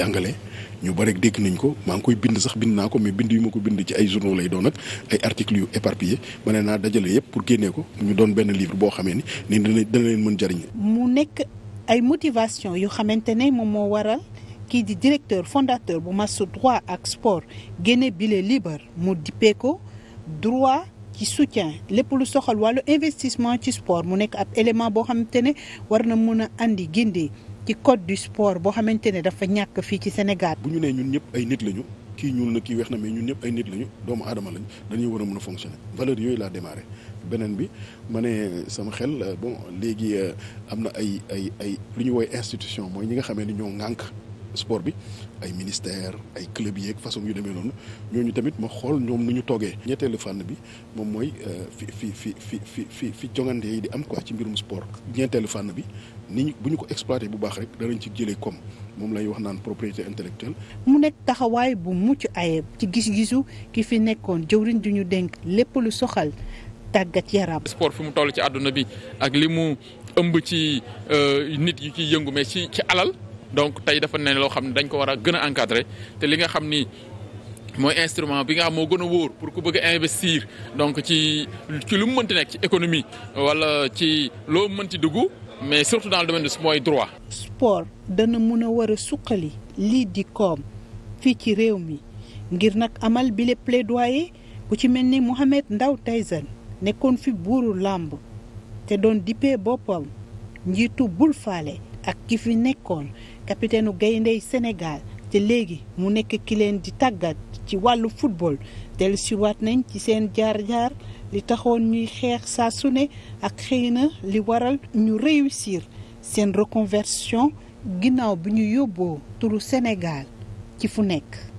jàngale ñu bari dégg nañ ko maa ngi koy bind sax bind naa ko mais bind yu ma ko bind ci ay journaux lay doon ak ay articles yu éparpillé ma ne naa dajale yëpp pour génne ko ñu doon benn livre boo xamee ni ni dana dana leen mën jariñ mu nekk ay motivation yu xamante ne moom moo waral kii di directeur fondateur bu masu droit ak sport génne bile libre mu dippee ko droit ci soutien lépp lu soxal wàllu investissement ci sport mu nekk ab élément boo xamante ne war na mun a indi gindi ci code du sport boo xamante ne dafa ñàkk fii ci Sénégal. bu ñu nee ñun ñëpp ay nit lañu kii ñuul na ki weex na mais ñun ñëpp ay nit lañu doomu aadama lañu dañuy war a mun a fonctionner valeur yooyu laa démarré beneen bi ma ne euh, sama xel euh, bon léegi euh, am na ay ay ay lu ñuy woy institution mooy ñi nga xamee ni ñoo ŋànk. sport bi ay ministère ay club yeeg façon yu demee noonu ñooñu tamit ma xool ñoom nu ñu toogee. ñetteelu fànn bi moom mooy euh, fi fi fi fi fi fi fi yi di am quoi ci mbirum sport. ñeenteelu fànn bi ni ñu bu ñu ko exploité bu baax rek danañ ci jëlee comme moom lay wax naan propriété intellectuelle. mu nekk taxawaay bu mucc ayib ci gis-gisu ki fi nekkoon jëwriñ du ñu dénk lépp lu soxal tàggat yaram. sport fi mu toll ci àdduna bi ak li mu ëmb ci euh, nit yi ciy yëngu mais ci alal. donc tey dafa ne loo xam ne dañ ko war a gën a encadrer te li nga xam ni mooy instrument bi nga xam moo gën a wóor pour ku bëgg investir donc ci ci lu mu mënti nekk ci économie wala ci loo mënti dugg mais surtout dans le domaine de mooy droit. sport dana mën a war a suqali lii di koom fii ci réew mi ngir nag amal bile plaidoyer ku ci mel ni Mouhamed ndaw Tyson nekkoon fi buuru làmb te doon dippee boppam njiitu bul faale. ak ki fi nekkoon kapiteenu gayndey senegaal te léegi mu nekk ki leen di tàggat ci wàllu football dellu siwaat nañ ci seen jaar-jaar li taxoon ñuy xeex saa su ne ak xëy na li waral ñu réussir seen reconversion ginnaaw bi ñu yóbboo turu senegaal ci fu nekk